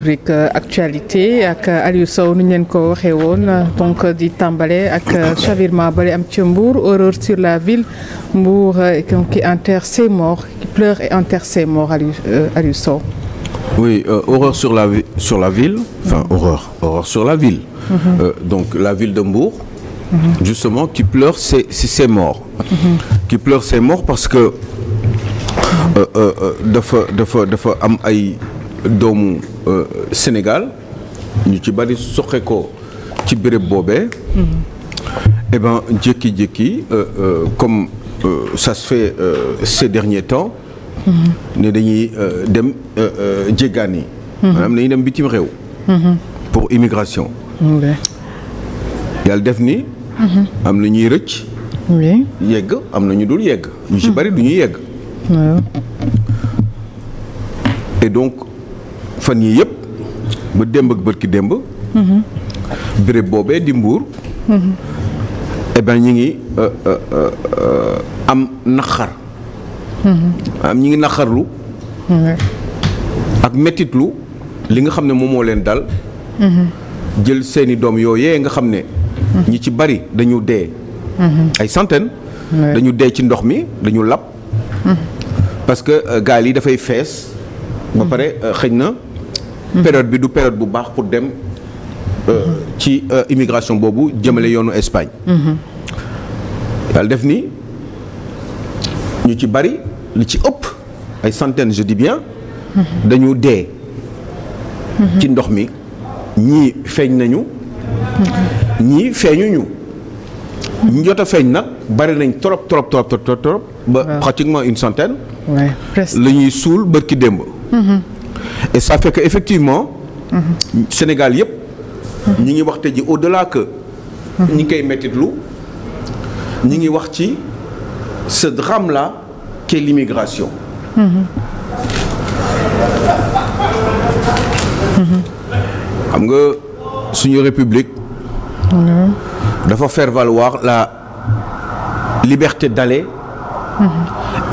rubrique euh, actualité ak euh, Aliou Sow nu ñu leen ko waxee woon euh, donc di tàmbale ak chavirement bale am ci Mbour horreur sur la ville Mbour qui enterre ses morts qui pleure et enterre ses morts Aliou Aliou Sow oui euh, horreur sur la sur la ville enfin mmh. horreur horreur sur la ville mmh. euh, donc la ville de Mbour mmh. justement qui pleure ses ses morts mhm. qui pleure ses morts parce que dafa dafa dafa am ay doomu euh, Sénégal ñu ci bari soxe ko ci béréb boobee. Mm-hmm. eh ben jékki-jékki euh, euh, comme ça se fait ces derniers temps. Mm-hmm. ne dañuy dem jéggaani. Mm-hmm. maanaam dañuy dem bitim réew. pour immigration. yàlla def ni. am na ñuy rëcc. yegg am na ñu dul yegg. ñu ci bari du ñuy yegg. et donc fan yii yëpp ba démb ak bërki démb mhm. béréb boobee di mbuur mhm. eh ñi ngi euh, euh, euh, am naqar am mhm. ah, ñi ngi naqarlu ak mettitlu li nga xam ne moom moo leen dal jël seeni doom yooyee nga xam ne ñi ci bari dañu dee ay centaines dañu dee ci ndox mi dañu lab parce gaal yi dafay fees ba pare xëñ na Mm-hmm. période bi du période bu baax pour dem euh, ci euh, immigration boobu jëmale yoonu Espagne. Mm-hmm. yàlla def ni ñu ci bari li ci ëpp ay centaines je dis bien. Mm-hmm. dañu dee. ci ndox mi ñii feeñ nañu. ñii feeñuñu. ñu jot feeñ nag bari nañ trop trop trop trop trop. pratiquement une centaine. la ñuy suul bërki démb. et ça fait que effectivement. Mhm. Sénégal yëpp. Mhm. ñi ngi wax te ji au-delà que. Mhm. ñi ngi mettitlu ñi ngi wax ci ce drame là qu'est l'immigration. xam nga suñu république. dafa faire valoir la liberté d'aller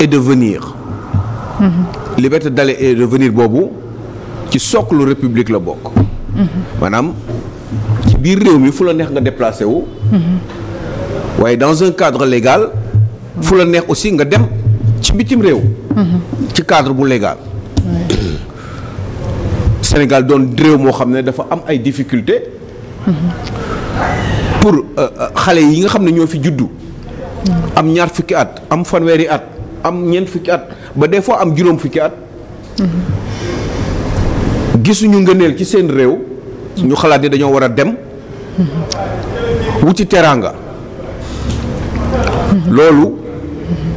et de venir. liberté d'aller et de venir boobu. ci socle république la bokk. manam ci biir réew mi fu la neex nga déplacé wu. waaye dans un cadre légal. fu la neex aussi nga dem ci bitim réew. ci cadre bu légal. Sénégal doon réew moo xam ne dafa am ay difficultés. pour euh, euh, xale yi nga xam ne ñoo fi juddu. am ñaar fukki at am fanweeri at am ñeent fukki at ba des fois am juróom fukki at. gisuñu ngëneel ci seen réew ñu xalaat ni dañoo war a dem wuti teraanga loolu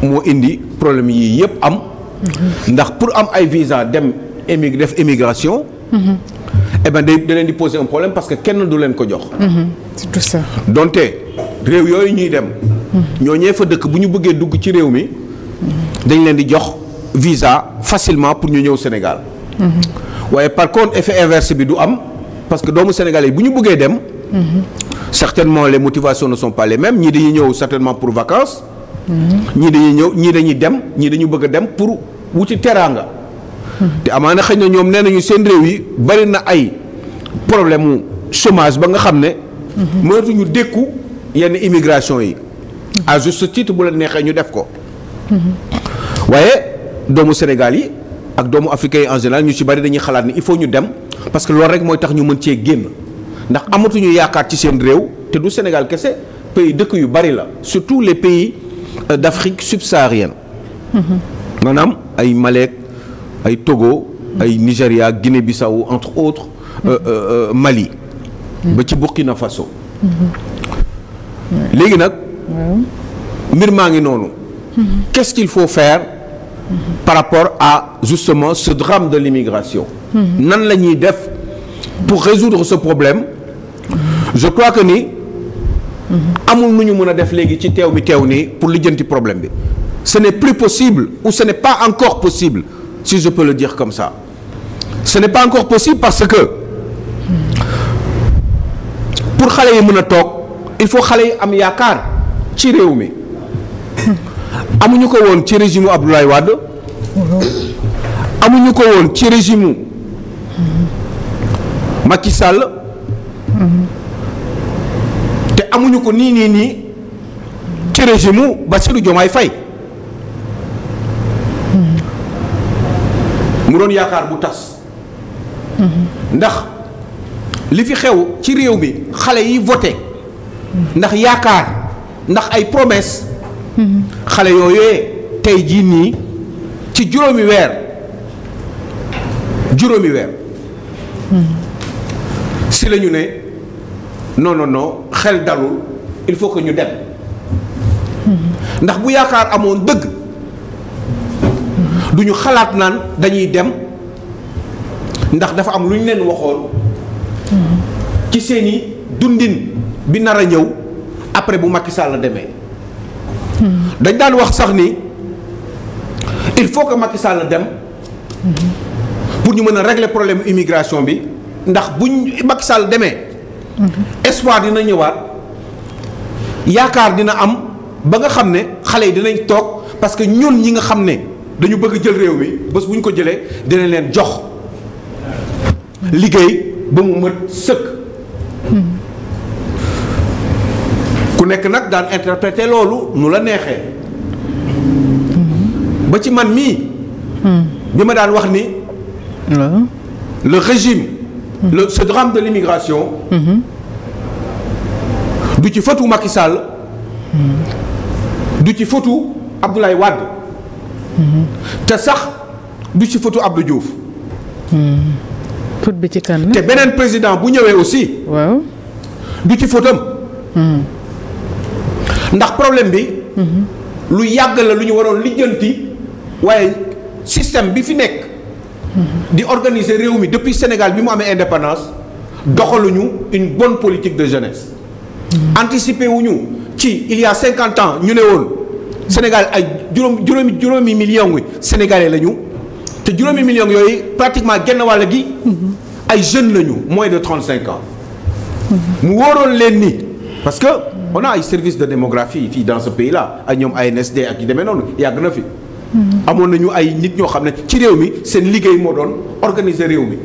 moo indi problème yii yëpp am ndax pour am ay visa dem émi def émigration eh ben day da di poser un problème parce que kenn du leen ko jox donte réew yooyu ñuy dem ñoo ñee fa dëkk bu ñu bëggee dugg ci réew mi dañ leen di jox visa facilement pour ñu ñëw Sénégal waaye par contre effet inverse bi du am parce que doomu sénégalais yi bu ñu bëggee dem. certainement les motivations ne sont pas les mêmes ñii dañuy ñëw certainement pour vacances. ñii dañuy ñëw ñii dañuy dem ñii dañu bëgg a dem pour wuti teraanga. te amaana xëy na ñoom nee nañu seen réew yi bari na ay problème mu ba nga xam ne. mënatuñu dékku yenn immigration yi. à juste titre bu la neexee ñu def ko. Mm-hmm. waaye doomu Sénégal yi ak doomu africain yi en général ñu ci bari dañuy xalaat ni il faut ñu dem parce que loolu rek mooy tax ñu mën cee génn ndax amatuñu yaakaar ci seen réew te du Sénégal kese pays dëkk yu bari la surtout les pays euh, d'Afrique subsaharienne mm-hmm. maanaam ay Malek ay Togo ay Nigéria Guinée-Bissau entre autres euh, mm-hmm. euh, euh, Mali mm-hmm. ba ci Burkina Faso léegi nag mbir maa ngi noonu quest qu'il faut faire par rapport à justement ce drame de l'immigration nan la ñuy def pour résoudre ce problème je crois que ni amul nu ñu mun a def léegi ci teew bi teew nii pour lijjanti problème bi ce n'est plus possible ou ce n'est pas encore possible si je peux le dire comme ça ce n'est pas encore possible parce que pour xale yi mën a toog il faut xale yi am yaakaar ci réew mi amuñu ko woon ci régime u Abdoulaye amuñu ko woon ci régime u Macky Sall te amuñu ko nii nii nii ci régime u Bassirou Diomaye Faye mu doon yaakaar bu tas ndax li fi xew ci réew bi xale yi voté ndax yaakaar ndax ay promesse xale yooyee tey jii nii ci juróomi weer juróomi weer. si la ne noonu noo xel dalul il faut que ñu dem. ndax bu yaakaar amoon dëgg. duñu xalaat naan dañuy dem ndax dafa am lu ñu leen waxoon. ci seeni dundin bi nar a ñëw après bu Macky Sall demee. dañ daan wax sax ni il faut que Macky Sall dem pour ñu mën a régler problème immigration bi ndax buñ Macky Sall demee espoir dina ñëwaat yaakaar dina am ba nga xam ne xale yi dinañ toog parce que ñun ñi nga xam ne dañu bëgg jël réew mi bés bu ñu ko jëlee dinañ leen jox liggéey ba mu mët sëkk ku nekk nag daan interpréter loolu nu la neexee ba ci man mii hmm. bi ma daan wax ni le régime hmm. le ce drame de l'immigration hmm. du ci fatu Macky Sall du ci fatu Abdoulaye Wade te sax du ci fatu Abdou Diouf fut bi ci kan te beneen président bu ñëwee aussi waaw du ci fatam ndax problème bi. Mhm. lu yàgg la lu ñu waroon lijjanti waaye système bi fi nekk. Mhm. di organiser réew mi depuis Sénégal bi mu amee indépendance doxaluñu une bonne politique de jeunesse. Mhm. anticiper wuñu ci il y a cinquante ans ñu ne woon Sénégal ay juróom juróomi juróomi millions yi sénégalais lañu te juróomi millions yooyu pratiquement genn wàll gi. ay jeunes lañu moins de trente cinq ans. mu wóoroon leen ni on a ay service de démographie fii dans ce pays là ay ñoom ANSD ak yu demee noonu yàgg na fi. amoon nañu ay nit ñoo xam ne ci réew mi seen liggéey moo doon organiser réew mi.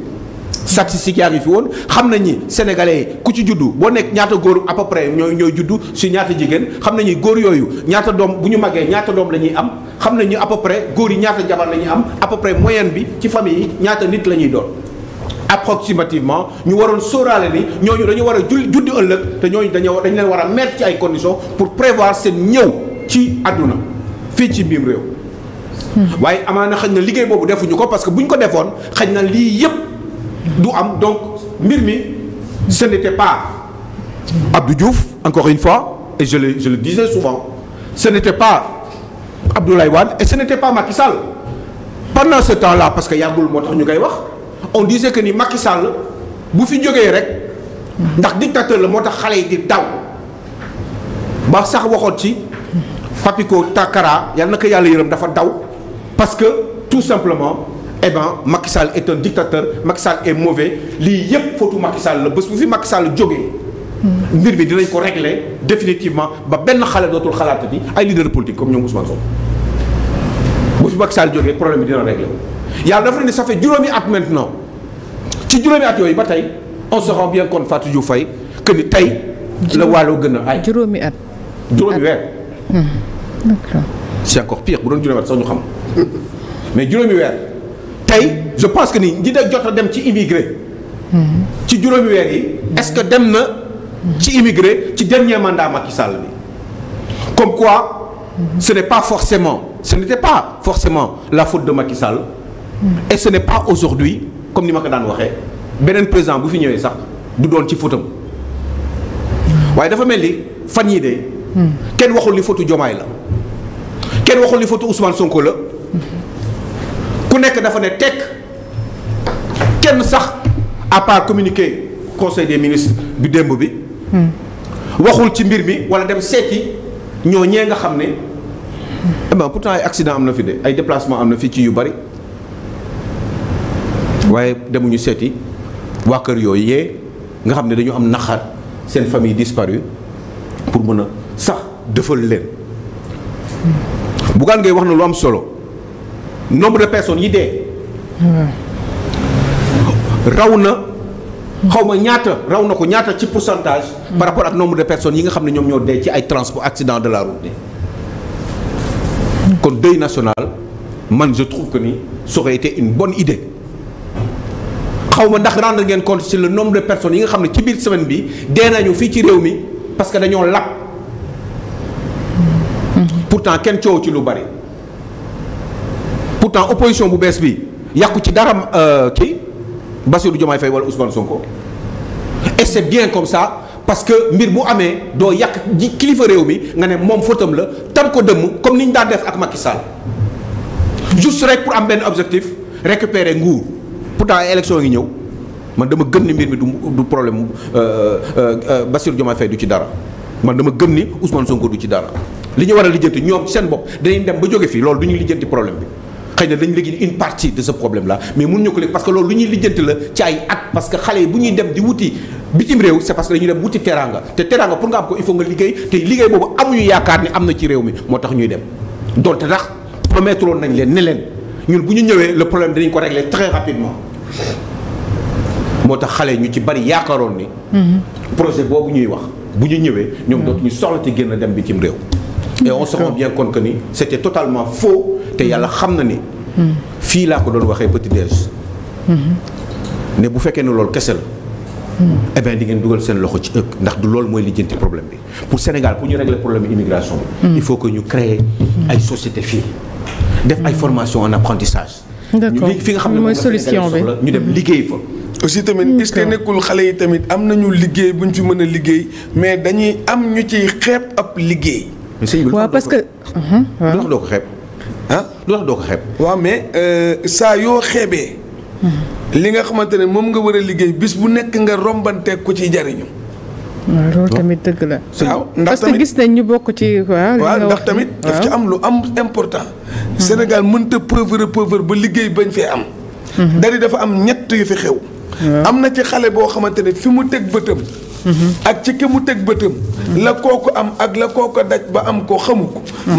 statistique yaa ngi fi woon xam na ñi sénégalais ku ci juddu boo nekk ñaata góor à peu près ñooy ñooy juddu si ñaata jigéen xam na nañu góor yooyu ñaata doom bu ñu màggee ñaata doom la ñuy am xam nañu à peu près góor yi ñaata jabar la ñuy am à peu près bi ci famille yi ñaata nit la ñuy doon. approximativement ñu waroon sooraale ni ñooñu dañu war a jul juddi ëllëg te ñooñu dañu dañ leen war a mettre ci ay conditions pour prévoir seen ñëw ci àdduna fii ci biim réew hmm. waaye amaana xëy na liggéey boobu defuñu ko parce que bu ñu ko defoon xëy na lii yëpp du am donc mbir mi ce n'était pas Abdou Diouf encore une fois et je le je le disais souvent ce n'était pas Abdoulaye Wade et ce n'était pas Macky Sall pendant ce temps-là parce que yàggul moo tax ñu koy wax on disait que ni Macky Sall bu fi jógee rek ndax dictateur la moo tax xale yi di daw ba sax waxoon ci Papiko Takara yàlla na ko yàlla yërëm dafa daw parce que tout simplement eh ben Macky Sall est un dictateur Macky Sall est lii yépp fautu Macky Sall la bés bu fi Macky sàll jógee. mbir bi dinañ ko régler définitivement ba benn xale dootul xalaat bi ay leader politique comme ñoom Ousmane Sonko bu fi Macky Sall jógee problème bi dina régler yàlla dafa ne ça fait juróomi at maintenant. ci juróomi at yooyu ba tey on se rend bien compte Fatou Diouf que ni tey. la waaloo gën a ay juróomi at. juróomi weer. Hmm. c'est encore pire bu doon juróomi at sax ñu xam mais juróomi weer tey je pense que ni ñi da jot a dem ci immigré. Hmm. ci juróomi weer yi. est-ce que dem na. ci hmm. immigré ci dernier mandat Macky bi comme quoi. ce n'est pas forcément ce n'était pas forcément la faute de Macky et ce n'est pas aujourd'hui comme ni ma ko daan waxee beneen président bu fi ñëwee sax du doon ci fotam waaye dafa mel ni fan yii de. kenn waxul li fotu Jomaay la kenn waxul li fotu Ousmane Sonko la ku nekk dafa ne tek kenn sax à communique communiquer conseil des ministres bi démb bi. waxul ci mbir mi wala dem seeti ñoo ñee nga xam ne. eh ben ay accident am na fi de ay déplacement am na fi ci yu bari. waaye demuñu seeti waa kër yooyu yee nga xam ne dañu am naqar seen famille disparue pour mën a sax dëfal leen Bougane Gueye wax na lu am solo nombre de personne yi dee raw na xaw ma ñaata raw na ko ñaata ci pourcentage par rapport ak nombre de personnes yi nga xam ne ñoom ñoo dee ci ay transport accident de la route kon deuil national man je trouve que ni ça aurait une bonne idée xaw ma ndax rendre ngeen compte ci le nombre de personnes yi nga xam ne ci biir semaine bi dee nañu fii ci réew mi parce que dañoo làpp pourtant kenn coow ci lu bari pourtant opposition bu bees bi yàqu ci dara euh, kii Bassirou Diomaye Faye wala Ousmane Sonko et c'est bien comme ça parce que mbir bu amee doo yàq ji kilifa réew mi nga ne moom fëtam la tam ko dëmm comme ni ñu daan def ak Macky Sall juste rek pour am benn objectif récupérer nguur. pour pourtant ay élection ngi ñëw man dama gën ni mbir mi du du problème euh, euh, euh, Bassirou Diomaye Faye du ci dara man dama gëm ni Ousmane Sonko du ci dara li ñu war a lijjanti ñoom seen bopp danañ dem ba jóge fii loolu du ñu lijjanti problème bi xëy na dañu léegi une partie de ce problème là mais mun ñu ko léegi parce que loolu lu ñuy lijjanti la ci ay at parce que xale yi bu ñuy dem di wuti bitim réew c'est parce que dañuy dem wuti teraanga te teraanga pour nga am ko il faut nga liggéey te liggéey boobu am na ci réew mi moo tax ñuy dem donte tax promettre woon nañ leen ne leen ñun bu ñu ñëwee le problème dinañ ko régler très rapidement moo tax xale ñu ci bari yaakaaroon ni. Mhm. projet boobu ñuy wax bu ñu ñëwee. ñoom mhm. dootuñu soxla ci génn dem bi bitim réew. et on se rend bien compte ni c' était totalement faux te mhm. yàlla xam na ni. fii laa ko doon waxee petit déj. ne bu fekkee ne loolu kese la. eh di ngeen dugal seen loxo ci ëkk ndax du loolu mooy lijjanti problème bi pour Sénégal pour ñu régler problème immigration bi. il faut que ñu créer ay société fii. def ay formation en apprentissage. d'accord fi xam ne mooy solution bi ñu dem mm-hmm. liggéey fa. aussi tamit est-ce nekkul xale yi tamit am nañu liggéey bu ñu fi mën a liggéey mais dañuy am ñu ci xeeb ab liggéey. waaw parce que. Mm-hmm. lu tax doo ko xeeb doo ko xeeb. waaw mais euh, saa yoo xeebee. Mm-hmm. li nga xamante ne moom nga war a liggéey bis bu nekk nga rombanteeg ku ciy jariñu waaw loolu oh. tamit dëgg la. gis nañ ñu bokk ci waaw. waaw ndax tamit daf ci am lu am important. Sénégal mënta pauvre pauvre ba liggéey bañ fee am. Mhm. dari dafa am ñett yu fi xew. am na ci xale boo xamante ne fi mu teg bëtam. Mhm. ak ci ki mu teg bëtam. Mhm. la kooku am ak la kooku daj ba am ko xamu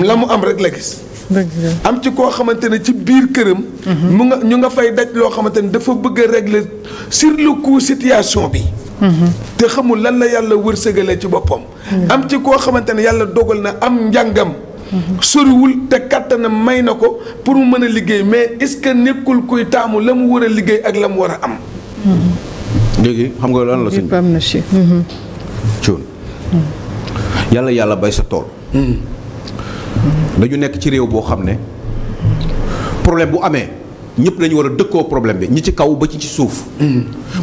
la mu am rek la gis. am ci koo xamante ne ci biir këram. mu nga ñu nga fay daj loo xamante ne dafa bëgg a régler sur le coup situation bi. te xamul lan la yàlla wërsëgalee ci boppam. am ci koo xamante ne yàlla dogal na am njàngam. soriwul te kattanam may na ko pour mu mën a liggéey mais est-ce que nekkul kuy taamu la mu war a liggéey ak la mu war a am. léegi xam nga lan la si bi am yàlla yàlla bay sa tool. dañu nekk ci réew boo xam ne problème bu amee ñëpp dañu war a dëkkoo problème bi ñi ci kaw ba ci suuf.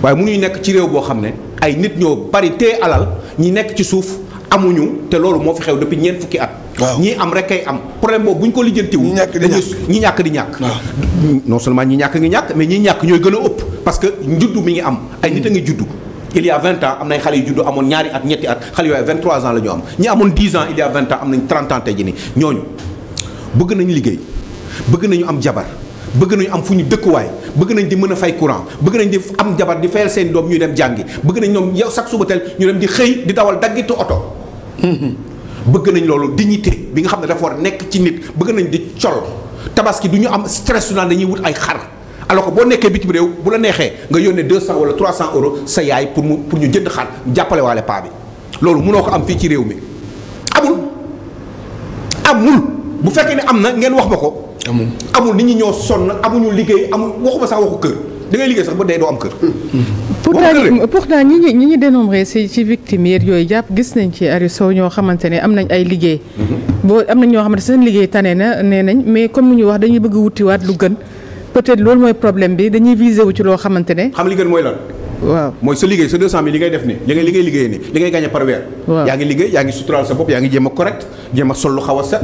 waaye mënuñu nekk ci réew boo xam ne ay nit ñoo bari te alal ñi nekk ci suuf amuñu te loolu moo fi xew depuis ñeent fukki at. waaw ñii am rek kay am problème boobu bu ñu ko lijjantiwu. ñi ñàkk di ñàkk ñi ñàkk di ñàkk. non seulement ñi ñàkk ngi ñàkk mais ñi ñàkk ñooy gën a ëpp. parce que njuddu mi ngi am. ay nit a ngi juddu. il y a 20 ans am nay xale yu juddu amoon ñaari at ñetti at xale yooyu 23 ans la ñu am ñi amoon 10 ans il am nañ tey jii nii ñooñu bëgg nañu liggéey bëgg nañu am jabar. bëgg nañu am fu ñu dëkkuwaay bëgg nañ di mën a fay courant bëgg nañ di am jabar di fayal seen doom ñuy dem jàngi bëgg nañ ñoom yow sax suba teel ñu dem di xëy di dawal daggittu oto bëgg nañ loolu di dignité bi nga xam ne dafoo war nekk ci nit bëgg nañ di col tabaski du ñu am stress su naan dañuy wut ay xar alors ko boo nekkee bitim réew bu la neexee nga yónnee 200 wala 300 euros sa yaay pour mu pour ñu jënd xar jàppalewaale paa bi loolu munoo ko am fii ci réew mi amul amul bu fekkee ne am na ngeen wax ma ko. amul amul nit ñi ñoo sonn amuñu liggéey amul waxuma sax waxu kër. da ngay liggéey sax ba dee doo am kër. pourtant pourtant ñi ñu ñi ñu dénombré si ci victime yeeg yooyu jàpp gis nañ ci Ari Sow ñoo xamante ne am nañ ay liggéey. Mhm. boo am nañ ñoo xamante seen liggéey tane na nee nañ mais comme ni ñu wax dañuy bëgg wutiwaat lu gën peut-être loolu mooy problème bi dañuy visé wu ci loo xamante ne. xam li gën mooy lan. waaw mooy sa liggéey sa 200 mille li ngay def nii li ngay li ngay liggéeyee nii li ngay gagné par weer. waaw yaa ngi liggéey yaa ngi suturaal sa a correct jéem sol lu xaw a set.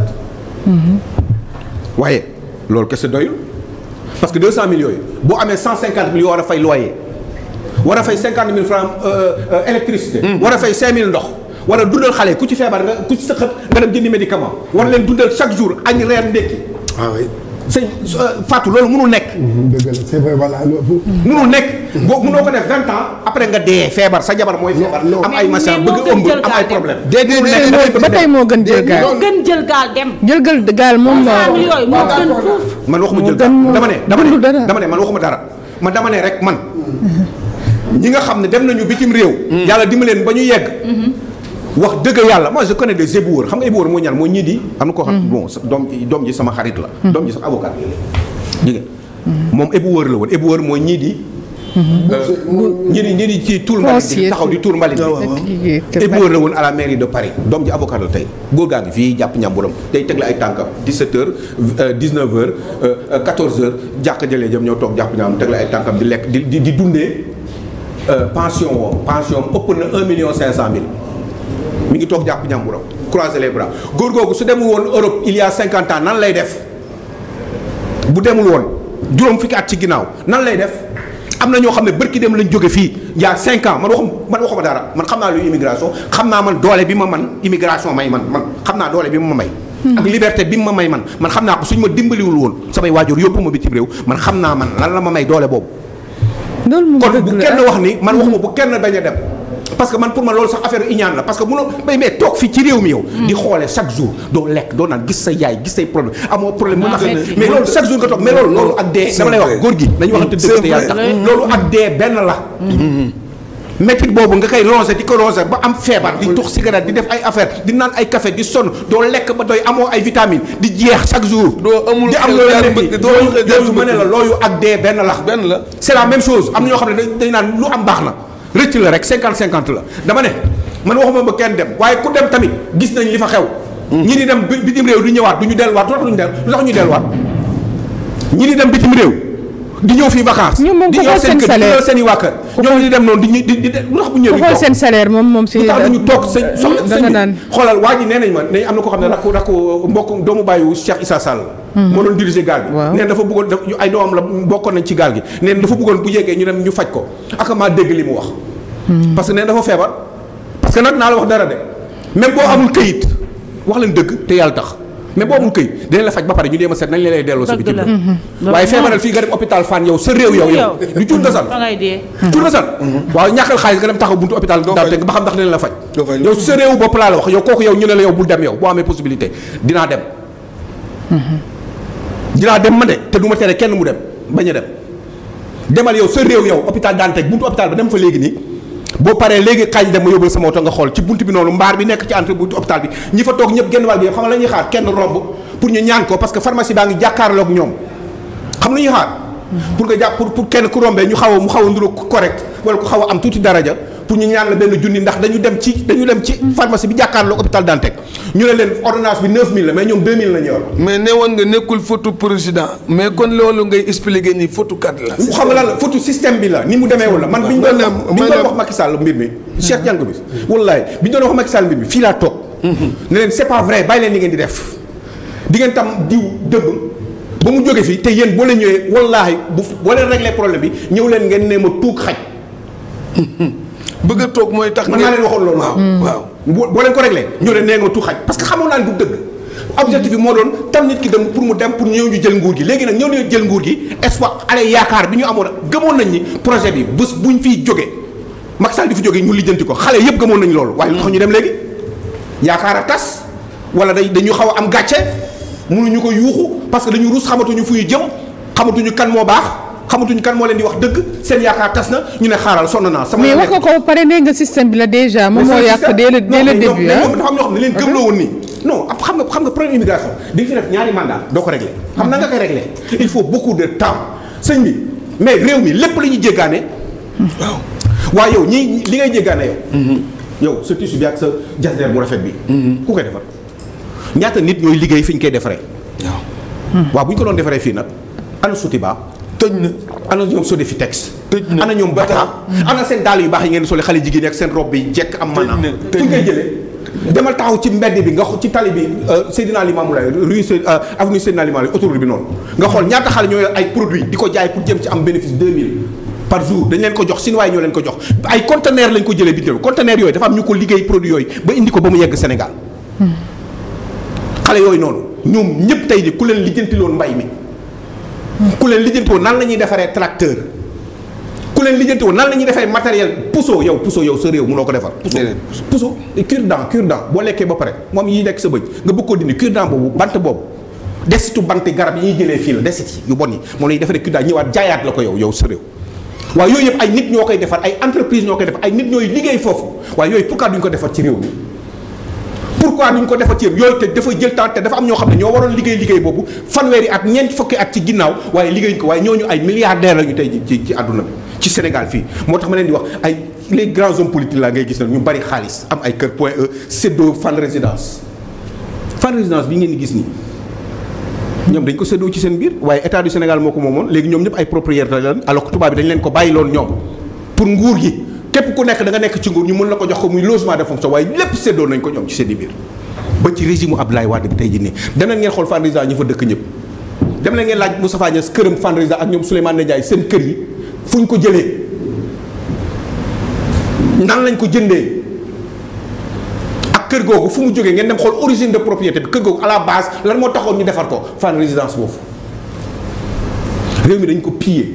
Mhm. waaye kese doyul parce que 200000 yooyu boo amee 150 mille yoo war a fay loyer war a fay cinquante mille francs euh, euh, électricité. Hmm. war a fay mille ndox. war a dundal xale ku ci feebar nga ku ci sëqat nga dem jëndi médicament war leen dundal chaque jour añ reer ndékki. waaw ah sëñ Fatou loolu mënul nekk. dëgg la c'est vrai voilà loolu. mënul nekk. boo mënoo ko def vingt ans après nga dee feebar sa jabar mooy feebar. am ay machins bëgg ëmb am ay problème. déedéet mais ba tey moo gën jël gaal. moo gën jël gaal dem. jël gaal gaal moom la. yooyu moo gën fuuf. man waxuma jël gaal dama ne dama ne dama ne man waxuma dara man dama ne rek man. ñi nga xam ne dem nañu bitim réew. Mm-hmm. yàlla dimbali leen ba ñu yegg. Mm-hmm. wax dëgg yàlla ma je connais des éboueurs xam nga éboueur mooy ñaan mooy ñii di am na koo xam mm. doom ji sama xarit la mm. doom ji sama avocat jigéen moom éboueur la woon éboueur mooy ñii di mm-hmm. euh, ñi di ñi di ci tuur mbalit bi taxaw di tuur mbalit bi éboueur la woon à la de Paris doom ji avocat la tey góor gaa ngi fii jàpp ñàmburam tey teg la ay tànkam 17 heures 19 euh, heures 14 euh, heures jàkk jëlee jëm ñoo toog jàpp ñàmburam teg la ay tànkam di lekk di di dundee pension woo pension ëpp na 1 million 500 mille mi ngi toog jàpp ñàmburam croiser les bras góor googu su demul woon Europe il y a 50 nan lay def bu demul woon juróom fukki at ci ginnaaw nan lay def am na ñoo xam ne bërki dem lañ jóge fii il y a 5 man waxum man waxuma dara man xam naa luy immigration xam naa man doole bi ma man immigration may man man xam naa doole bi ma may. Hmm. ak liberté bi ma may man man xam naa ko suñ ma dimbaliwul woon samay waajur yóbbu ma bitim réew man xam naa man lan la ma may doole boobu. loolu moom kon bu kenn wax ni man waxuma bu kenn bañ dem. parce que man pour man loolu sax affaire iñaan la parce que munoo mais mais toog fii ci réew mi yow. Mm. di xoolee chaque jour doo lekk doo naan gis sa yaay gis say problème amoo problème. mais loolu chaque jour nga toog mais loolu ak dee. gi nañu waxante dëgg te yàlla benn la. Mm-hmm. boobu nga koy rongé di ko rongé ba am feebar di tux cigarette di def ay affaire di naan ay café di sonn doo lekk ba doy ay vitamine di jeex chaque jour. doo amul am loolu mën loolu ak dee benn la. benn la c'est la même chose am na ñoo xam ne dañ naan lu am baax na. rëcc la rek 50 50 la dama ne man waxuma ba kenn dem waaye ku dem tamit gis nañ li fa xew. Hmm. ñi di dem bitim réew di ñëwaat du ñu delluwaat lu tax du ñu dellu lu tax ñu delluwaat ñi di dem bitim réew di ñëw fii vacances. ñoom moom ku xool seen salaire di ñëw seen i waa kër ñoom di dem noonu di ñu di di lu tax bu ñëwee. ku xool seen salaire moom moom si. lu tax ñu toog sëñ soxna sëñ bi xoolal waa ji nee nañ ma ne am na ko xam ne rakku rakku mbokk doomu bàyyiwu Cheikh Issa Sall Mm-hmm. moo doon diriger gaal gi neen dafa bëggoon daf ay doomam la bokkoon nañ ci gaal gi neen dafa bëggoon bu yeggee ñu dem ñu faj ko ak maa li mu wax mm-hmm. parce neen dafa feebar parce nag naa la wax dara de même boo amul këyit wax leen dëgg te yàlla tax mais boo amul këy dinañ la faj ba pare ñu dem a seet nañ la lay delloo sa bitim mm-hmm. waaye feebaral fii nga dem hôpital Fann yow sa réew yow yow du cuur gasal cuur gasal waaw ñàkkal xaalis nga dem taxaw buntu hôpital daal dinaa dem ma de te du tere kenn mu dem bañ a dem demal yow sa réew yow hôpital Dantec buntu hôpital ba dem fa léegi nii boo paree léegi xaañ dem ma yóbbul sama oto nga xool ci bunt bi noonu mbaar bi nekk ci entre buntu hôpital bi ñi fa toog ñëpp genn wàll bi yow xam nga la ñuy xaar kenn romb pour ñu ñaan ko parce pharmacie baa ngi jàkkaarloog ñoom xam la ñuy xaar mm-hmm. pour nga jàpp pour pour kenn ku rombee ñu xaw a mu xaw a nduru correct wala ku xaw am tuuti daraja pour ñu ñaan la benn junni ndax dañu dem ci dañu dem ci pharmacie bi jàkkaarloog hôpital Dantec ñu ne leen ordonnance bi 9000 la mais ñoom 2000 la ñu yor. mais ne woon nga nekkul photo président mais kon loolu ngay expliquer ni photo kat la. xam nga lan la photo système bi la ni mu demeewul la man. bi ñu doon bi ñu doon wax Macky Sall mbir mi. Cheikh jàng bi wallaay bi ñu doon wax Macky Sall mbir mi fii laa toog. ne leen c'est pas vrai bàyyi leen li ngeen di def di ngeen tam diw dëgg. ba mu jógee fii te yéen boo leen ñëwee wallaahi bu boo leen réglé problème bi ñëw leen ngeen ne ma tuug xaj. bëgg a toog mooy tax. man maa leen waxoon loolu. waaw waaw boo leen ko réglé. ñu ne nee nga tu xaj parce que xamoon naa ne du dëgg. objectif bi moo doon tam nit ki dem pour mu dem pour ñëw ñu jël nguur gi léegi nag ñëw nañu jël nguur gi espoir ale yaakaar bi ñu amoon gëmoon nañ ni projet bi bés buñ fiy jógee Macky Sall di fi jóge ñu lijjanti ko xale yëpp gëmoon nañ loolu. waaye lu tax ñu dem léegi yaakaar a tas wala day dañu xaw a am gàcce mënuñu ko yu parce que dañu ruus xamatuñu fu jëm xamatuñu kan moo baax xamatuñ kan moo leen di wax dëgg seen yaakaar tas na ñu ne xaaral sonn naa. sama mais wax nga ko pare nee nga système bi la déjà. moom moo yàq dès le dès le début mais dafa am ñoo xam ne leen gëmloo woon nii. non ab xam nga problème immigration di fi def ñaari mandat doo ko réglé. xam na nga koy réglé il faut beaucoup de temps sëñ mais réew mi lépp la ñuy jéggaane. waaw waaye li ngay jéggaane yow. Mhm. yow bi ak sa jasneer bu rafet bi. Mhm. ku koy defar ñaata nit ñooy liggéey fi ñu koy defaree. waaw waaw bu ñu ko doon defaree fii nag ana suti tëj na ana ñoom Sodefitex. tëj na ana ñoom Bata ana seen dàll yu baax yi ngeen sole xale jigéen ak seen robe bi jekk am. maanaam fu ñu koy demal taxaw ci mbedd bi nga ci tali bi euh, Seydina Limamou Laye rue euh, avenue Seydina Limamou Laye autoroute bi noonu. nga xool ñaata xale ñoo yor ay produits di ko jaay pour jëm ci am bénéfice 2000. par jour dañ leen ko jox Sinoa yi ñoo leen ko jox ay conteneur lañ ko jëlee bitim réew conteneur yooyu dafa am ñu ko liggéey produit yooyu ba indi ko ba mu yegg Sénégal. Hmm. yooyu noonu ñoom ñëpp tey di ku leen lijjantiloon mbay mi ku leen lijjantiwoo nan la ñuy defaree tracteur ku leen lijjantiwoo nan la ñuy defaree matériel puso yow puso yow sa réew mënoo ko defar. puso puso cure-dent cure-dent boo lekkee ba pare moom yi nekk sa bëj nga bëgg ko dindi cure-dent boobu bant boobu desitu banti garab yi ñuy jëlee fii la desit yu bon yi moom la ñuy defaree cure ñëwaat jaayaat la ko yow yow sa réew. waaye yooyu yëpp ay nit ñoo koy defar ay entreprise ñoo koy defar ay nit ñooy liggéey foofu waaye yooyu pourquoi duñ ko defar ci réew mi pourquoi duñ ko defati yooyu te dafa jël temps te dafa am ñoo xam ne ñoo waroon liggéey liggéey boobu fanweeri ak ñeent fukki at ci ginnaaw waaye liggéeyuñ ko waaye ñooñu ay milliardaires la tey ci ci àdduna bi ci Sénégal fii moo tax ma leen di wax ay les grands hommes politiques la ngay gis nag ñu bari am ay kër point E séddoo fan résidence fan bi ngeen gis nii ñoom dañ ko séddoo ci seen biir waaye état du Sénégal moo ko moomoon léegi ñoom ñëpp ay propriétaires lañ alors que tubaab bi dañ leen ko bàyyi loolu ñoom pour nguur gi. képp ku nekk danga nekk ci nguur ñu mën na ko jox ko muy logement de fonction waaye lépp séddoo nañ ko ñoom ci seen i biir ba ci régime Abdoulaye Wade bi tey jii nii dem nañ xool Fandrisa ñu fa dëkk ñëpp dem nañ ngeen laaj Moustapha Niasse këram Fandrisa ak ñoom Souleymane Ndiaye seen kër yi fu ñu ko jëlee nan lañ ko jëndee ak kër googu fu mu jógee ngeen dem xool origine de propriété bi kër googu à la base lan moo taxoon ñu defar ko fan résidence boobu réew mi dañ ko pillé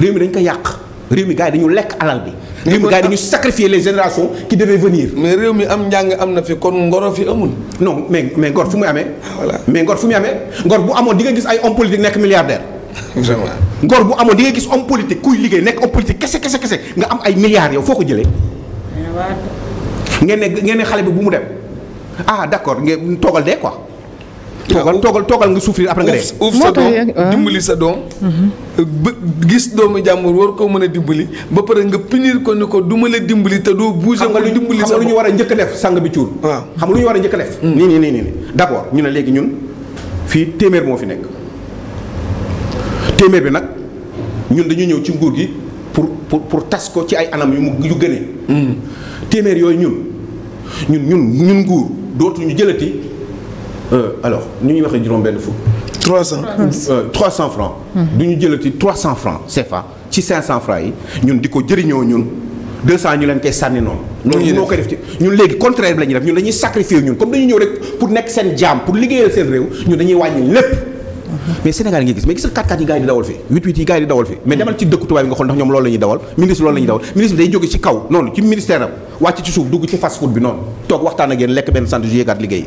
réew mi dañ ko yàq. réew mi gars yi dañu lekk alal bi. réew mi gars yi dañu sacrifier les générations ki devaient venir. mais réew mi am njàng am na fi kon ngoro fi amul. non mais mais ngor fu muy amee. voilà mais ngor fu muy amee ngor bu amoon di nga gis ay hommes politiques nekk milliardaire vraiment bu amoon di nga gis homme politique kuy liggéey nekk homme politique kese kese kese nga am ay milliards yow foo ko jëlee. ngeen ne ngeen ne xale bi bu mu dem ah d'accord ngeen toogal de quoi. toogal toogal toogal nga souffrir après nga dee. uuf sa doom dimbali sa doom. ba gis doomu jàmbur war ko mën a dimbali ba pare nga punir ko ni ko du ma la dimbali te doo bouger nga dimbali sa xam nga lu ñu war a njëkk def sang bi cuur. xam mm. nga lu ñu war a njëkk def. nii nii nii nii d'accord ñu ne léegi ñun fii téeméer moo fi nekk téeméer bi nag ñun dañu ñëw ci nguur gi pour pour pour tas ko ci ay anam yu mu yu gënee. Mm. téeméer yooyu ñun ñun ñun ñun nguur dootuñu jëlati. Euh, alors nu ñu waxee juróom-benn fukk. 300 300 euh, francs hmm. du ñu jëlati 300 francs CFA ci 500 francs yi ñun di ko jëriñoo ñun 200 ñu leen koy sànni noonu. ñooñu ñoo koy def ci ñun léegi contraire la pour nekk seen jaam pour liggéeyal seen réew ñun dañuy wàññi lépp. Hmm. mais Sénégal yi gis mais gis nga 4 yi gars di dawal fii 8-8 yi gars di dawal fii mais demal ci dëkku tubaab yi nga xool ndax ñoom loolu la dawal ministre loolu la ñuy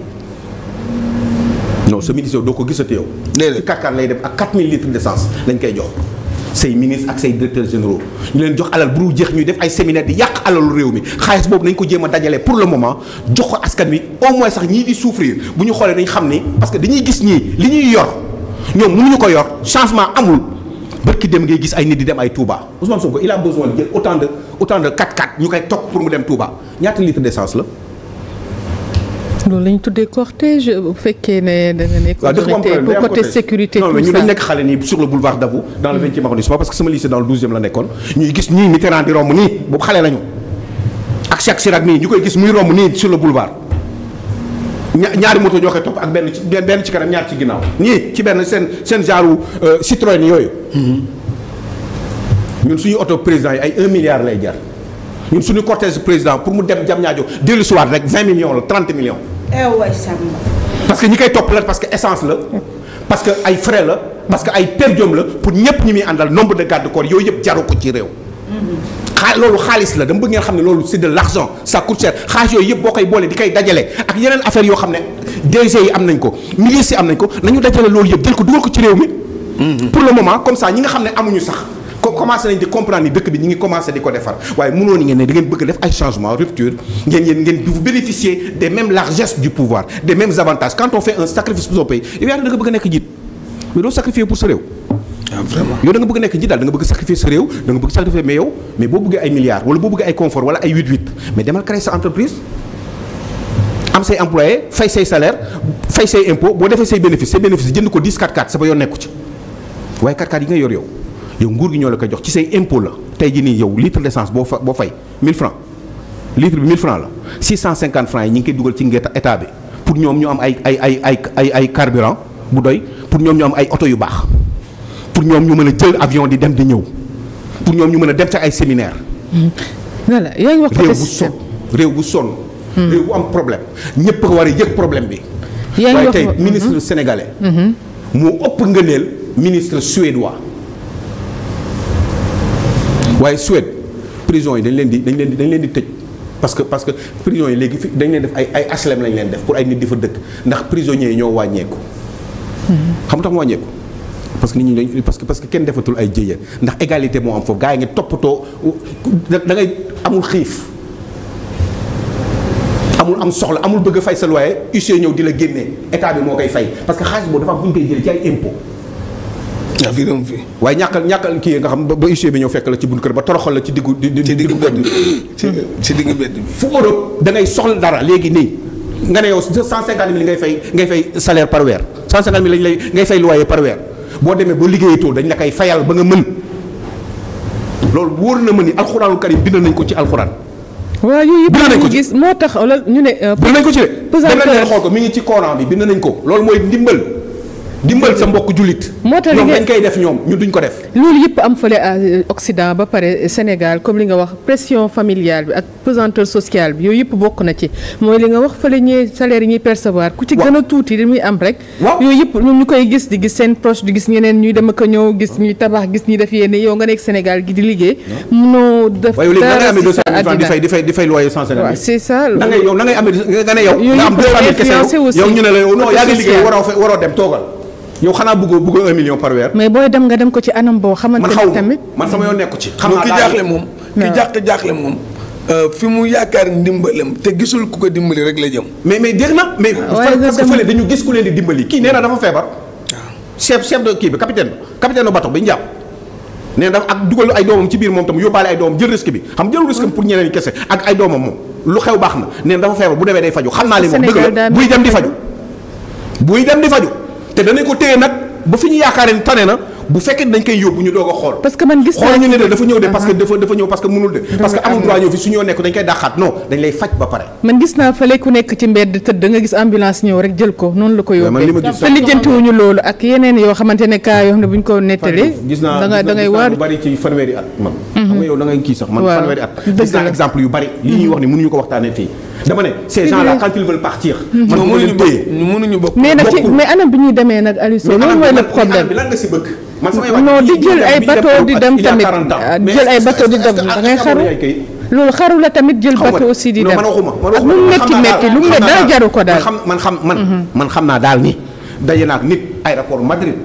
non sa ministre yow doo ko gisati yow. déedéet kàkkaar lay dem ak 4000 litres d' essence lañ koy jox say ministre ak say directeurs généraux ñu leen jox alal bu jeex ñuy def ay séminaire di yàq alalu réew mi xaalis boobu nañ ko jéem a dajale pour le moment jox ko askan wi au moins sax ñii di souffrir bu ñu xoolee dañ xam ni parce que dañuy gis ñii li ñuy yor ñoom ñu ko yor changement amul. bërki dem ngay gis ay nit di dem ay Touba Ousmane Sonko il a besoin de jël autant de autant de 4x4 ñu koy mu dem Touba ñaata litre d' essence la. lañu la ñu tuddee cortège bu fekkee ne da nga nekk. côté côté sécurité. non dañ nekk xale nii sur le boulevard Davout. dans le vingtième arrondissement parce que sama lycée dans le douzième la nekkoon ñuy gis ñii Mitterrand nii ñu koy gis muy romb nii sur le boulevard. ñaari moto ñoo ak benn ci benn ci kanam ñaar ci ginnaaw ci benn seen seen genre euh, Citroën yooyu. Mm-hmm. ñun suñu oto président yi ay 1 lay jar. ñun suñu cortège président pour mu dem jam ñaajo dellu si waat rek 20 millions la 30 millions. Eh, parce que ñi koy topp la parce que essence la parce que ay frais la parce que ay perdium la pour ñëpp ñi muy àndal nombre de garde corps yooyu yëpp jaru ko ci réew. Mm-hmm. xaa loolu xaalis la dama bëgg ngeen xam ne loolu c'est de l'argent ça coûte cher xaalis yooyu yëpp boo koy boolee di koy dajale ak yeneen affaires yoo xam ne DG yi am nañ ko milices yi am nañ ko nañu dajale loolu yëpp jël ko dugal ko ci réew mi. Mm-hmm. pour le moment comme ça ñi nga xam ne amuñu sax. ko commencé nañ di comprendre ni dëkk bi ñu ngi commencé di ko defar waaye mënoo ni ngeen ne da ngeen bëgg def ay changement rupture ngeen yéen ngeen di bénéficier des mêmes largesses du pouvoir des mêmes avantages quand on fait sacrifice pour son pays yow yaa da bëgg a nekk jiit mais doo sacrifier pour sa réew. Ah, yow da bëgg nekk ji daal da bëgg sacrifier sa réew da nga bëgg sacrifier mais yow mais boo bëggee ay milliards wala boo bëggee ay confort jënd ko 10 4-4 sa yor yow. yow nguur gi ñoo la koy jox ci say impôt la tey ji nii yow litre d'essence boo fa boo fay 1000 francs litre bi 1000 francs la 650 francs yi ñu ngi koy dugal ci ngeta état bi pour ñoom ñu am ay ay ay carburant bu doy pour ñoom ñu am ay oto yu baax pour ñoom ñu mën a jël avion di dem di ñëw pour ñoom ñu mën a dem ca ay séminaire mmh. voilà yaa ngi wax réew bu sonn réew bu sonn. Mmh. réew bu am problème ñëpp war a yëg problème bi. yaa ngi wax waaye tey ministre mmh. sénégalais. moo ëpp ngëneel ministre waaye Suède prison yi dañ leen di dañ leen di dañ leen di tëj parce que parce que prison yi léegi fi dañ leen def ay ay HLM lañ leen def pour ay nit di fa dëkk ndax prison yi ñoo wàññeeku. Hmm. xam tax wàññeeku parce que nit ñi parce que parce que kenn defatul ay jéeya ndax égalité moo am foofu gars yi ngi toppatoo da dangay amul xiif. amul am soxla amul bëgg a fay sa loyer huissier ñëw di la génne état bi moo koy fay parce que xaalis boobu dafa am bu ñu koy jëlee ci ay impôt Ah, waaye ñàkkal ñàkk kii nga xam ba huissier bi ñëw fekk la ci bunt kër ba toroxal la ci diggu ci diggu mbedd ci fu Europe da soxla dara léegi nii nga ne yow 150 mille ngay fay ngay fay salaire par weer 150 mille lañ lay ngay fay loyer par weer boo demee ba liggéeyatoo dañ la koy fayal ba nga mën loolu wóor na ma ni alxuraanul karim bind nañ ko ci alxuraan waaw yooyu yëpp nañ ko gis moo tax ñu ne euh, bind nañ ko ci de dem leen ko mi ngi ci Coran bi bind nañ ko loolu mooy ndimbal dimbal sa mbokk jullit. moo tax ñoom dañ koy def ñoom ñun duñ ko def. loolu yëpp am fële euh, Occident ba pare euh, Sénégal comme li nga wax pression familiale bi ak pesanteur social bi yooyu yëpp bokk na ci mooy li nga wax fële ñee salaire yi ñuy percevoir. ku ci gën a tuuti li muy am rek. waaw yooyu yëpp ñun ñu koy gis di gis seen proche di gis ñeneen ñuy dem ak ñëw gis ñuy tabax gis ñuy def yéen yow nga nekk Sénégal gi di liggéey. munoo def dara si sa addina waaye léegi na yow amee 200000F di fay di fay di fay loyer yow na nga nga ne yow. yow xanaa bëggoo bugg un million par weer. mais booy dem nga dem ko ci anam boo. xamante ne tamit man sama yoon nekku ci. xam naa ki jaaxle moom. moom. Euh, fi mu yaakaar ndimbalam te gisul ku ko dimbali rek la jëm. mais mais dégg na mais. parce que fële gis ku leen di kii nee na dafa feebar. Ah. chef chef de kii bi capitaine capitaine bu bateau bi ñu jàpp. nee na ak dugal ay doomam ci biir moom tam yóbbaale ay doomam jël bi xam jël risque pour ñeneen kese ak ay doomam moom lu xew baax na nee na dafa feebar bu demee day faju xam naa leen moom dëgg la buy dem di faju buy dem di faju te danañ ko téye nag ba fi ñu yaakaaree ni tane na bu fekkee dañ koy yóbbu ñu doog a xool. parce que man gis xool ñu lay ku nekk ci mbedd tëdd da gis ambulance ñëw rek jël ko noonu la ko yóbbee. te lijjantiwuñu loolu ak mhm. yow da kii sax man fanweeri at. gis naa exemple yu bari li ñuy wax ni mënuñu ko waxtaanee fii dama ne ces gens là quand ils mhm. man mënuñu bokk mais nag ci mais anam bi ñuy demee nag Aliou loolu mooy le problème bi lan nga si bëgg. non di jël ay bateau di dem tamit ah, jël ay bateau di dem da ngay xaru loolu xaru la tamit jël bateau aussi di dem ak lu metti metti lu mu ne dara jaru ko daal man xam man man xam naa daal ni daje naa ak nit aéroport Madrid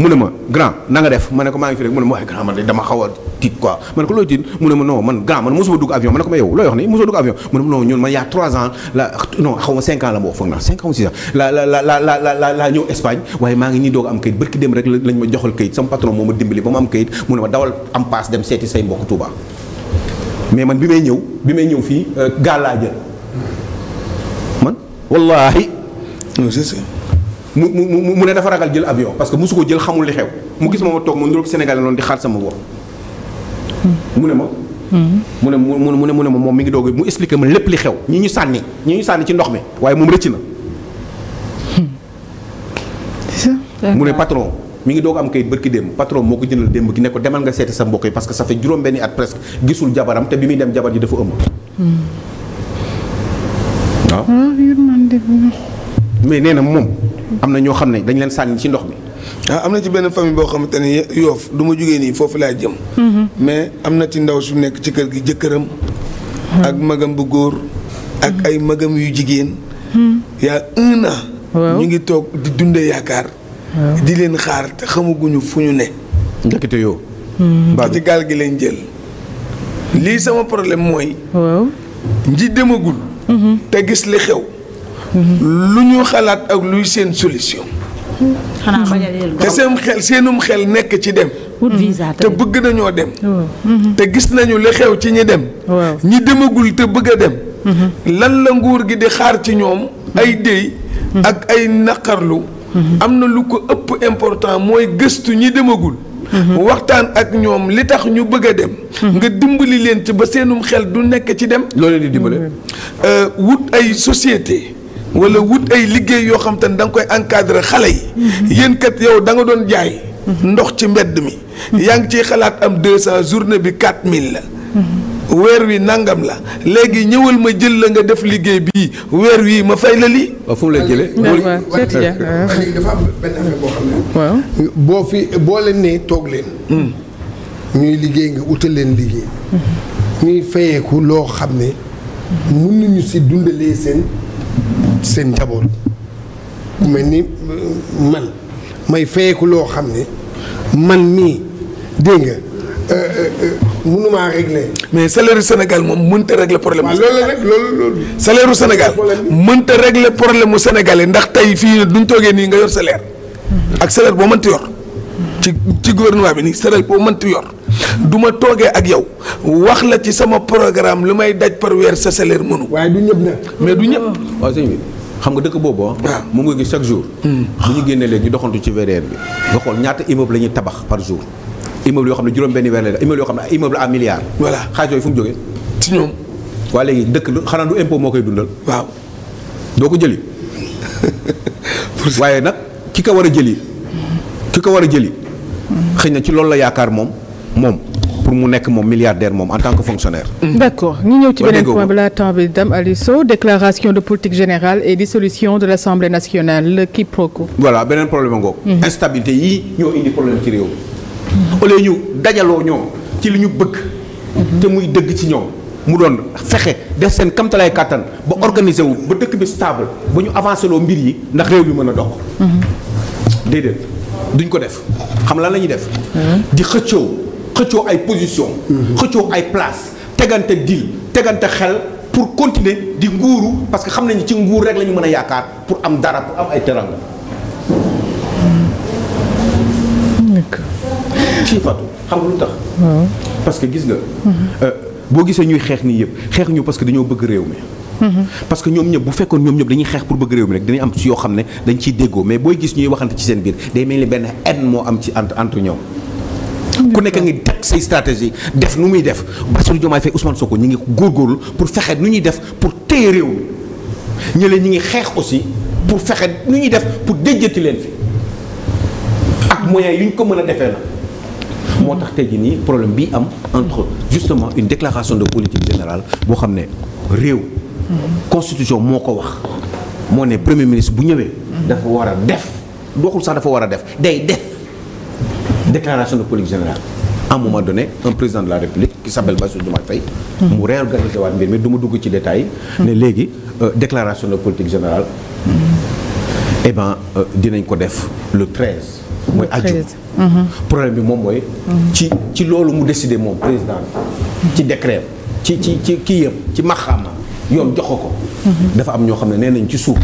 mu ne ma grand na nga def ma ne ko maa ngi fi rek mu ne ma waaye grand man de dama xaw a tiit quoi ma ne ko looy tiit mu ne ma non man grand man mosuma dugg avion ma ne ko ma yow looy wax ni mosuma dugg avion mu ne ma non ñun man y a 3 ans la non xaw ma 5 ans la ma wax foog naa 5 ans ou 6 ans la la la la la la laa ñëw Espagne waaye maa ngi nii doog am kayit bërki dem rek lañ ma joxal kayit sama patron moo ma dimbali ba ma am kayit mu ne ma dawal am paas dem seeti say mbokk Touba mais man bi may ñëw bi may ñëw fii euh, gaal laa jël man wallaahi non c'est ça mu mu mu ne dafa ragal jël avion parce que mosu ko jël xamul li xew mu gis ma ma toog ma di xaar sama bopp. mu ne ma. mu ne mu mu ne mu ne ma moom mi ngi doog mu expliqué ma lépp li xew ñu sànni ñi ñu sànni ci ndox mi waaye moom rëcc na. mu ne patron mi ngi doog am kayit bërki démb patron moo ko jëndal démb gi ne ko demal nga seeti sa mbokk yi parce que ça fait juróom benni at presque gisul jabaram te bi muy dem jabar ji dafa ëmb. Hmm. waaw. Ah, mais nee moom. am na ñoo xam ne dañ leen sànni ci ndox mi. ah am na ci benn famille boo xamante ne yoof du ma jugee nii foofu laa jëm. Mhm. mais am na ci ndaw su nekk ci kër gi jëkkëram. Mhm. ak magam bu góor. ak ay magam yu jigéen. Mhm. yaa un ñu ngi toog di dundee yaakaar. di leen xaar te xamaguñu fu ñu ne. ndekete yoo. ci gaal gi leen jël. lii sama problème mooy. waaw demagul. te gis li xew. lu ñu xalaat ak luy seen solution. te seen xel seenum xel nekk ci dem. te bëgg nañoo dem. Oh. Mm-hmm. te gis nañu li xew ci ñi dem. ñi demagul te bëgg dem. Mm-hmm. lan la nguur gi di xaar ci ñoom. Mm-hmm. ay déy ak ay naqarlu. am na lu ko ëpp important mooy gëstu ñi demagul. waxtaan ak ñoom li tax ñu bëgg a dem. nga dimbali leen ci ba seenum xel du nekk ci dem. loolu di dimbale. Euh, wut ay société wala wut ay liggéey yoo xam te danga koy encadrer xale yi. Mhm. yéen kat yow da nga doon jaay. Mhm. ndox ci mbedd mi. Mhm. yaa ngi ciy xalaat am 200 journée bi 4000 la. weer wi nangam la léegi ñëwal ma jël la nga def liggéey bi weer wi ma fay la lii. waaw jëlee. dafa am benn affaire boo fi boo leen nee toog leen. Hmm. ñuy liggéey nga utal leen liggéey. Hmm. ñuy fayeeku loo xam ne. mun hmm. nañu si dundalee seen. seen njaboot mel ni man may fayeeku loo xam ne man mii dégg nga euh, euh, euh, mënumaa régler. mais salaire senegal moom mënta régler problème. waaw loolu rek loolu loolu. salaire yu Sénégal mënta régler mu sénégalais ndax tey fii duñ toogee nii nga yor salaire. ak salaire boo mënti yor. ci ci gouvernement bi nii salaire boo mënti yor. du ma toogee ak yow wax la ci sama programme lu may daj parweer sa salaire mënu. waaye du mais du ñëpp. waaw bi. xam nga dëkk boobu ah. moom nga gis chaque jour. Hmm. bu ñu génnee léegi ñu doxantu ci VDN bi. nga ñaata immeuble la ñuy tabax par jour immeuble yoo xam ne juróom benn weer la immeuble yoo xam ne immeuble à milliard. voilà xaalis yooyu fu mu jógee. ci ñoom. waa léegi dëkk lu xanaa du impôt moo koy dundal. waaw doo ko jëli. waaye nag ki ko war a jëli. ki ko war a jëli. xëy na ci loolu la yaakaar moom moom. pour mu nekk moom milliardaire moom en tant que fonctionnaire. Mm. d' accord ñu ñëw ci beneen point balaa temps bi Dame Aliou déclaration de politique générale et dissolution de l' assemblée nationale le quiproquo. voilà beneen problème ngoog. Mm-hmm. instabilité yi ñoo indi problème ci réew mi. au lieu dajaloo ñoom ci li ñu bëgg. Mm-hmm. te muy dëgg ci ñoom. mu doon fexe def seen kamtalaay kàttan ba mm-hmm. organiser wu ba dëkk bi stable ba ñu avancé loo mbir yi ndax réew mi mën a dox. déedéet ko def xam lan la ñuy def. di xëccoo. xëccoo ay position mhm. xëccoo ay place tegante deal tegante xel pour continuer di nguuru parce que xam nañu ci nguur rek lañu ñu mën a yaakaar pour am dara pour am ay teranga ci Fatou xam nga lu tax parce que gis nga mhm. euh, boo gisee ñuy xeex nii yëpp xeex ñu parce que dañoo bëgg réew mi mhm. parce que ñoom ñëpp bu fekkoon ñoom ñëpp dañuy xeex pour bëgg réew mi rek am ci yoo xam ne dañ ciy déggoo mais booy gis ñuy waxante ci seen biir day mel ni benn haine moo am ci entre entre ñoom ku nekk ngi teg say stratégie def nu muy def Bassirou Diomaye Faye Ousmane Sonko ñu ngi góorgóorlu pour fexe nu ñuy def pour téye réew mi ñu ngi xeex aussi pour fexe nu ñuy def pour déjjati leen fi ak moyens yu ñu ko mën a defee la. moo tax tey nii problème bi am entre justement une déclaration de politique générale boo xam ne réew. constitution moo ko wax moo ne premier ministre bu ñëwee. dafa war a def doxul sax dafa war a def day def. déclaration de politique générale à un moment donné un président de la république qui s'appelle Bassirou Diomaye mu réorganiser waat mbir mi du dugg ci détail ne léegi euh, déclaration de politique générale eh euh, dinañ ko def le 13 mooy aju mm-hmm. problème bi moom mooy mm-hmm. ci ci loolu mu décidé moom président ci décret ci ci ci kii yëpp ci maxaama yoon jox ko ko mm-hmm. dafa am ñoo xam ne nee ci suuf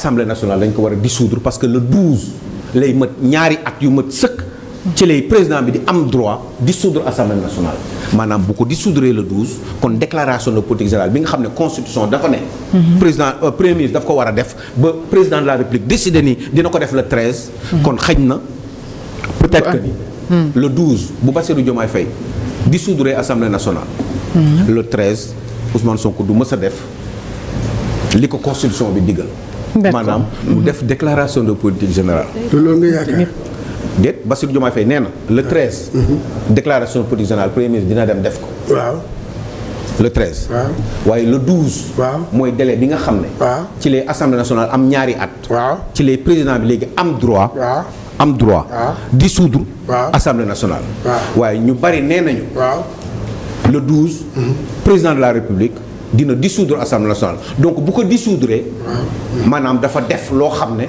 assemblée nationale dañ ko war a dissoudre parce que le 12 lay mat ñaari at yu mat sëkk. ci lay président bi di am droit dissoudre assemblée nationale maanaam bu ko dissoudre le 12 kon déclaration de politique générale bi nga xam ne constitution dafa ne. Mhm. président euh, premier ministre daf ko war a def ba président de la république décidé ni dina ko def le 13. Mhm. kon xëj na peut-être que ni. Hmm. le 12 bu Bassirou Diomaye Faye dissoudre assemblée nationale. Hmm. le 13 Ousmane Sonko du mës a def maanaam mu def déclaration de politique général loolu nga yaakaar. déet nee na. le 13. Mhm. déclaration de politique générale premier ministre dina dem def ko. le 13. waaye le 12. mooy délai bi nga xam ne. waaw ci les assemblée nationale am ñaari at. waaw ci les président bi léegi am droit. waaw am droit. waaw dissoudre. waaw assemblée nationale. waaye ñu bari nee nañu. waaw le 12. Mhm. président de la république. dina dissoudre assemblée nationale donc bu ko dissoudre maanaam dafa def loo xam ne.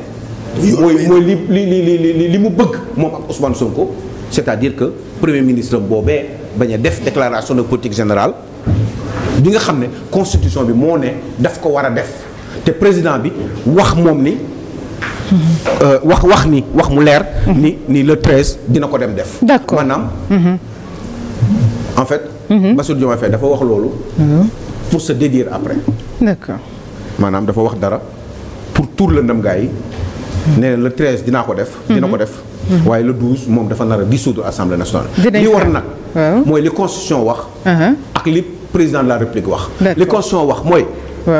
mooy mooy li li li li li mu bëgg moom ak Ousmane Sonko. c'est-à-dire que premier ministre boobee bañ a def déclaration de politique générale bi nga xam ne constitution bi moo ne daf ko war a def te président bi wax moom ni. Euh, wax wax ni wax mu leer. ni ni le 13 dina ko dem def. d'accord maanaam. Mhm. en fait. Mhm. Bassirou Diomaye Faye dafa wax loolu. Mhm. pour se dédire après. maanaam dafa wax dara pour tuur lëndëm gaa yi. nee na le dinaa ko def. dina ko mhm. def. waaye le 12 moom dafa nar a dissoudre assemblée nationale. li war nag. mooy li constitution wax. ak li président la république wax. li constitution wax mooy.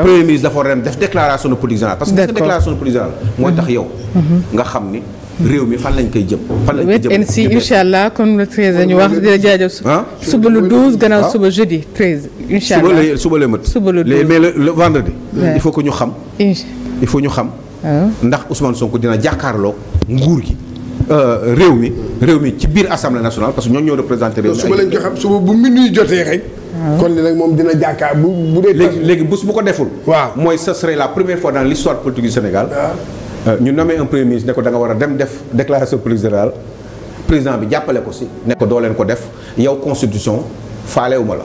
premier ministre dafa war a def déclaration de politique générale. parce que déclaration de politique générale mooy tax yow. Mhm. nga xam ni. réew mi fan lañ koy jëm. fan lañ koy jëm wet kon le 13 la ñu wax di la jaajëf. ah suba le 12 gannaaw ah? suba jeudi 13. incha allah suba la suba la mët. suba le 12 mais le vendredi. il faut que ñu xam. il faut ñu xam. Ah. ndax Ousmane Sonko dina jàkkaarloo nguur gi. Euh, réew mi réew mi ci biir assemblée nationale parce que ñoom ñoo représenté réew mi suba lañ ko xam suba bu minuy jotee rek. Ah. kon li moom dina jàkkaar bu bu dee. léegi léegi bés bu ko deful. waaw mooy ce serait la première fois dans l'histoire politique du Sénégal. Euh, ñu nommé un premier ne ko da nga war a dem def déclaration politique générale président bi jàppale ko si ne ko doo leen ko def yow constitution faalewuma la.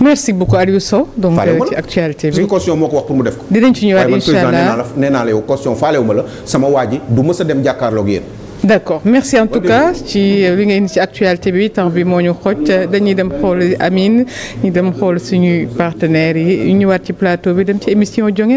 merci beaucoup Aliou Sow. donc euh, ci actualité bi caution moo ko wax pour mu def ko. di dinañ ci ñëwaat incha allah nee naa la yow caution faalewuma la sama waa ji du mës a dem jàkkaarloog yéen. d' accord merci en tout cas ci euh, li nga indi ci actualité bi temps bi moo ñu xoj dañuy dem xool Amine ñu dem xool suñuy partenaires yi ñëwaat ci plateau bi dem ci émission jonge